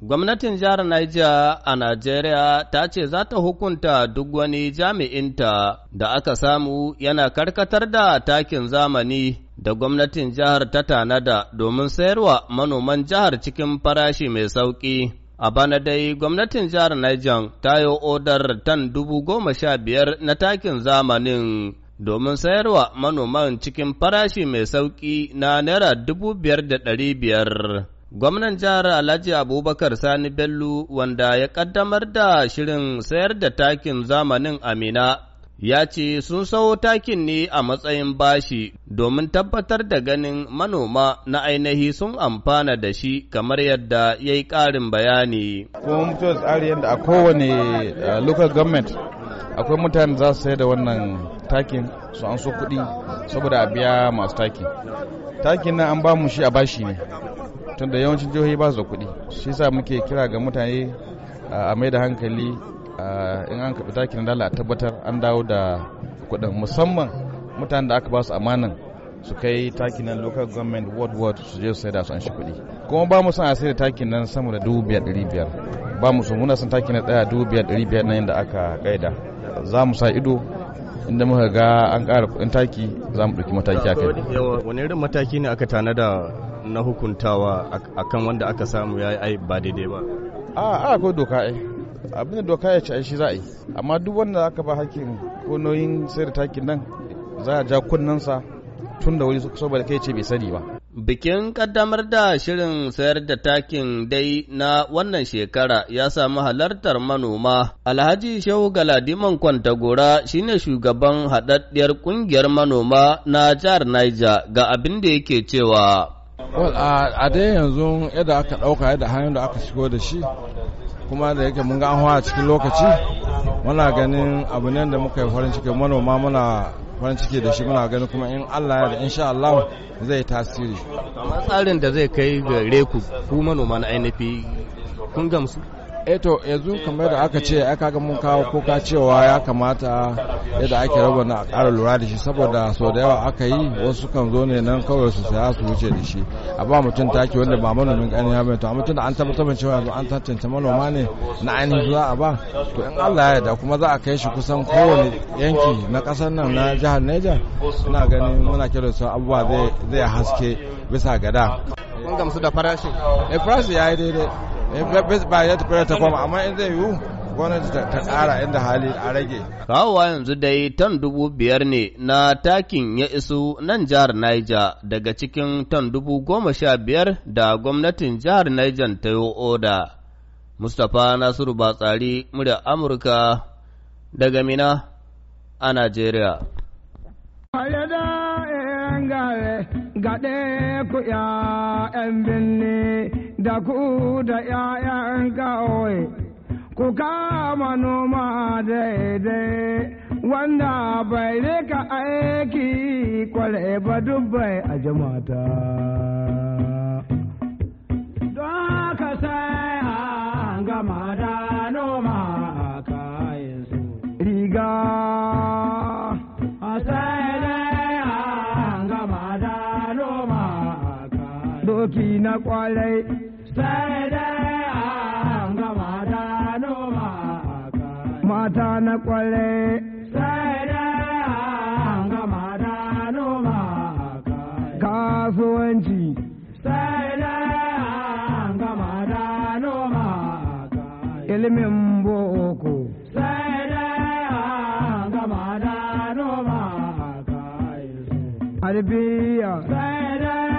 Gwamnatin jihar Niger a Najeriya ta ce za ta hukunta duk wani jami'inta da aka samu yana karkatar da takin zamani da gwamnatin jihar ta tanada domin sayarwa manoman jihar cikin farashi mai sauƙi. A bana dai gwamnatin jihar Niger ta yi odar tan dubu goma sha biyar na takin zamanin domin sayarwa manoman cikin farashi mai sauƙi na naira dubu biyar da ɗari biyar. Gwamnan jihar Alhaji Abubakar Sani Bello wanda ya ƙaddamar da shirin sayar da takin zamanin Amina ya ce sun sayo takin ne a matsayin bashi domin tabbatar da ganin manoma na ainihi sun amfana da shi kamar yadda ya yi ƙarin bayani. Kuma mutuwar tsari yadda a kowane eh, local government akwai mutane za su sayar da wannan takin su an so kuɗi saboda a biya masu taki takin nan an ba mu shi a bashi ne tunda yawancin jihohi ba su da kuɗi shi sa muke kira ga mutane a mai da hankali in an karɓi takin dala a tabbatar an dawo da kuɗin musamman mutanen da aka ba su amanan su kai takin nan local government world world su je su sai da su an shi kuɗi kuma ba mu son a sai da takin nan sama da dubu biyar ɗari biyar ba mu so muna son takin na ɗaya dubu biyar ɗari biyar nan da aka gaida za mu sa ido inda muka ga an ƙara kuɗin taki za mu ɗauki mataki a kai. wani irin mataki ne aka tanada na hukuntawa akan wanda aka samu ya yi ba daidai ba a akwai doka ai abin doka ya ci shi za a yi amma duk wanda aka ba hakkin ko nauyin sayar da takin nan za a ja kunnensa tun da wuri saboda kai ce bai sani ba Bikin ƙaddamar da shirin sayar da takin dai na wannan shekara ya sami halartar manoma. Alhaji Shehu Galadiman Kwantagora shi ne shugaban haɗaɗɗiyar ƙungiyar manoma na jihar Niger ga abin da yake cewa. a dai yanzu yadda aka ɗauka yadda hanyar da aka shigo da shi, kuma da yake mun ga an cikin lokaci, muna ganin abu ne da muka yi farin ciki. manoma muna farin ciki da shi muna ganin kuma in Allah ya da insha Allah zai tasiri amma tsarin da zai kai gare ku ku manoma na ainihi kun gamsu eto eh yanzu kamar da aka ce aka ga mun kawo kuka cewa ya kamata yadda ake rabu na ƙara lura da shi saboda sau da yawa aka yi wasu kan zo ne nan kawai su saya su wuce da shi a ba mutum taki wanda ba manomin ƙani ya to a mutum da an tabbatar cewa yanzu an tantance manoma ne na ainihin za a ba to in Allah ya yarda kuma za a kai shi kusan kowane yanki na ƙasar nan na jihar Niger ina ganin muna kira su abubuwa zai haske bisa gada. Mun gamsu da farashi. Eh farashi ya yi daidai. Eh, ba ya tafi ta koma amma in zai yiwu gwamnati ta ƙara inda hali a rage. Kawowa yanzu dai ton dubu biyar ne na takin ya isu nan jihar Niger daga cikin ton dubu goma sha biyar da gwamnatin jihar Niger ta yi oda. Mustapha Nasiru Batsari, murya Amurka daga Mina a Najeriya. Eh, Gaɗe ku ‘ya'yan birni da ku da ‘ya'yan kawai, ku kama noma daidai, wanda bai rika aiki kwale ba dubbai a jama'ata. Don haka sai an gama da noma a kayan Riga. Sai dai an gama da noma Doki na kwalai. Mata na kwale sai dai gama da noma kasuwanci sai dai gama da noma ilimin boko sai dai gama da noma sai dai